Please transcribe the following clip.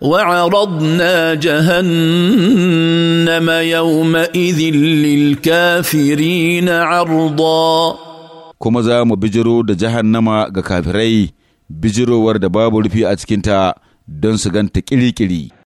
وعرضنا جهنم يومئذ للكافرين عرضا kuma za mu bijiro da jahannama ga kafirai bijirowar da babu rufi a cikinta don su ganta ƙiriƙiri.